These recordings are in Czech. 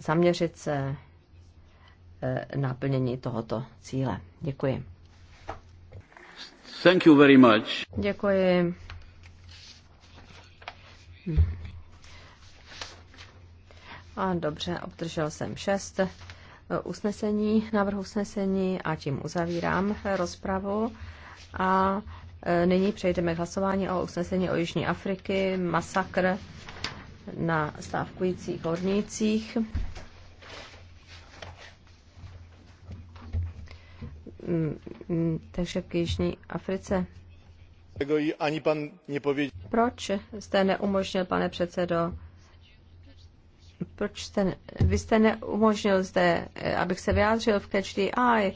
zaměřit se e, na plnění tohoto cíle. Děkuji. Thank you very much. Děkuji. A dobře, obdržel jsem šest e, usnesení, návrh usnesení a tím uzavírám rozpravu. A e, nyní přejdeme k hlasování o usnesení o Jižní Afriky, masakr na stávkujících hornících. Mm, mm, takže v Jižní Africe. Ani pan nepověděl. Proč jste neumožnil, pane předsedo, proč jste, vy jste neumožnil zde, eh, abych se vyjádřil v Catch the Eye,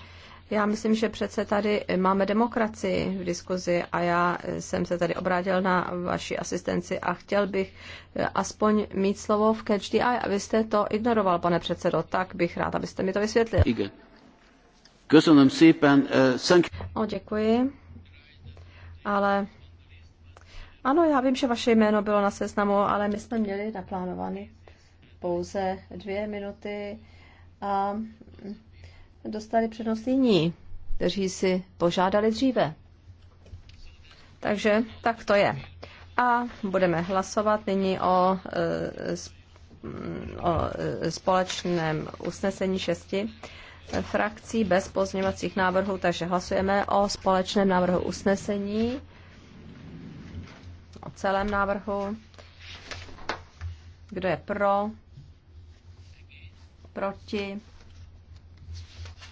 já myslím, že přece tady máme demokracii v diskuzi a já jsem se tady obrátil na vaši asistenci a chtěl bych eh, aspoň mít slovo v Catch the Eye a vy jste to ignoroval, pane předsedo, tak bych rád, abyste mi to vysvětlil. no, děkuji. Ale ano, já vím, že vaše jméno bylo na seznamu, ale my jsme měli naplánovány pouze dvě minuty a dostali přednost jiní, kteří si požádali dříve. Takže tak to je. A budeme hlasovat nyní o, e, mm, o e, společném usnesení šesti frakcí bez pozměňovacích návrhů, takže hlasujeme o společném návrhu usnesení, o celém návrhu. Kdo je pro? Proti?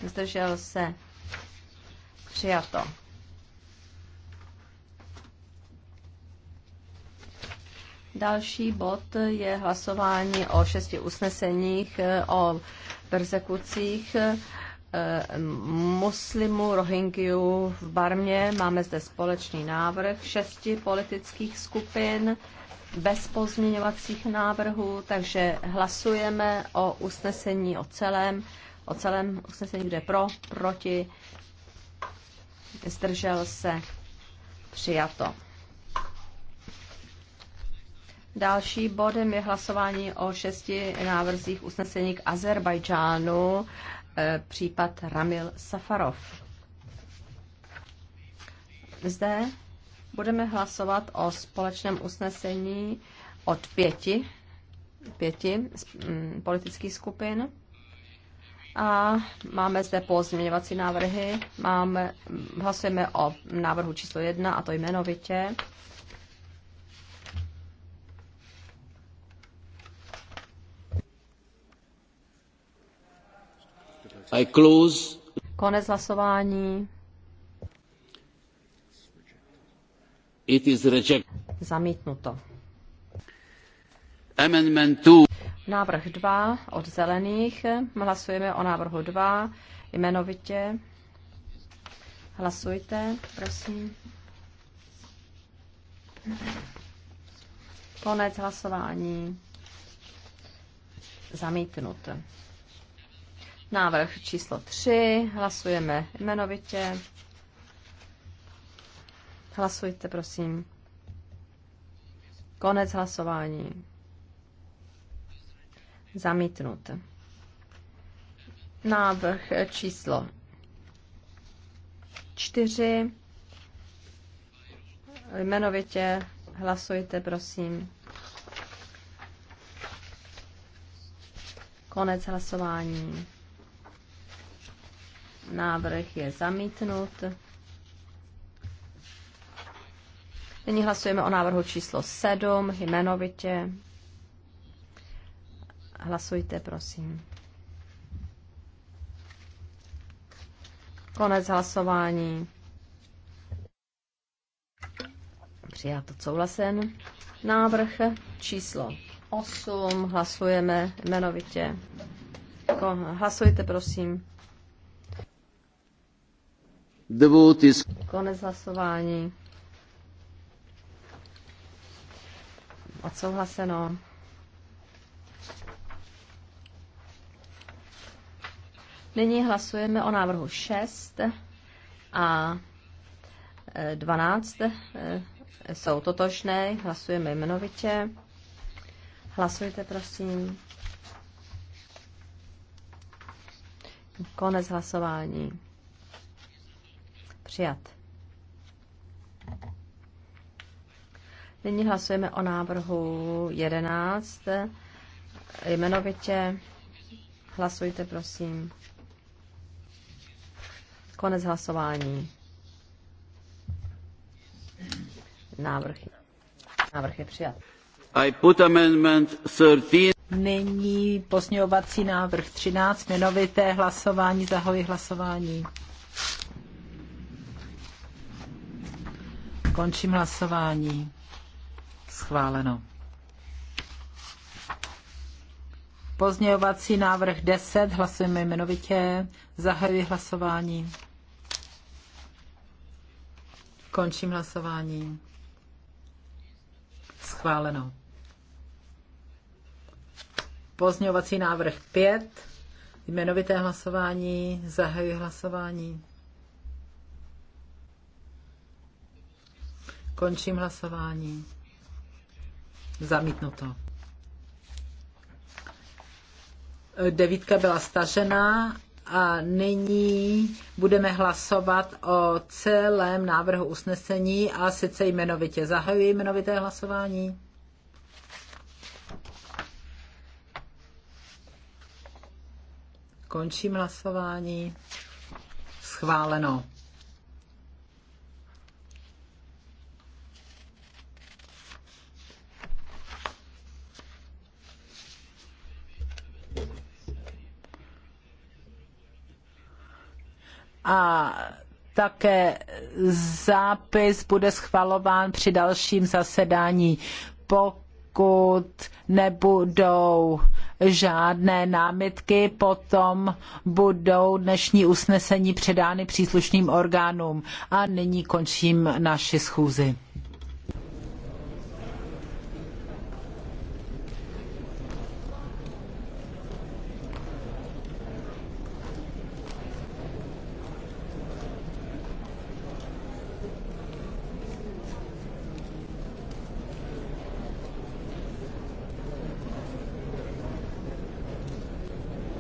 zdržel se, přijato. Další bod je hlasování o šesti usneseních eh, o persekucích eh, muslimů Rohingyů v Barmě. Máme zde společný návrh šesti politických skupin bez pozměňovacích návrhů, takže hlasujeme o usnesení o celém o celém usnesení, kde pro, proti, zdržel se, přijato. Další bodem je hlasování o šesti návrzích usnesení k Azerbajdžánu, eh, případ Ramil Safarov. Zde budeme hlasovat o společném usnesení od pěti, pěti mm, politických skupin. A máme zde pozměňovací návrhy. Máme, hlasujeme o návrhu číslo jedna a to jmenovitě. I close. Konec hlasování. It is reject. Zamítnuto. Amendment two. Návrh 2 od zelených. Hlasujeme o návrhu 2 jmenovitě. Hlasujte, prosím. Konec hlasování. Zamítnut. Návrh číslo 3. Hlasujeme jmenovitě. Hlasujte, prosím. Konec hlasování. Zamítnut. Návrh číslo 4. Jmenovitě hlasujte, prosím. Konec hlasování. Návrh je zamítnut. Nyní hlasujeme o návrhu číslo 7, jmenovitě. Hlasujte, prosím. Konec hlasování. Přijat souhlasen. Návrh číslo 8. Hlasujeme jmenovitě. Hlasujte, prosím. Konec hlasování. Odsouhlaseno. Nyní hlasujeme o návrhu 6 a 12 e, e, jsou totožné. Hlasujeme jmenovitě. Hlasujte, prosím. Konec hlasování. Přijat. Nyní hlasujeme o návrhu 11. E, jmenovitě hlasujte, prosím. Konec hlasování. Návrh, návrh je přijat. I put amendment 13. Nyní pozměňovací návrh 13, jmenovité hlasování, zahoji hlasování. Končím hlasování. Schváleno. Pozměňovací návrh 10, hlasujeme jmenovitě, zahajuji hlasování. Končím hlasování. Schváleno. Pozměňovací návrh 5. Jmenovité hlasování. Zahajuji hlasování. Končím hlasování. Zamítnuto. Devítka byla stažená a nyní budeme hlasovat o celém návrhu usnesení a sice jmenovitě. Zahajuji jmenovité hlasování. Končím hlasování. Schváleno. a také zápis bude schvalován při dalším zasedání. Pokud nebudou žádné námitky, potom budou dnešní usnesení předány příslušným orgánům. A nyní končím naši schůzi.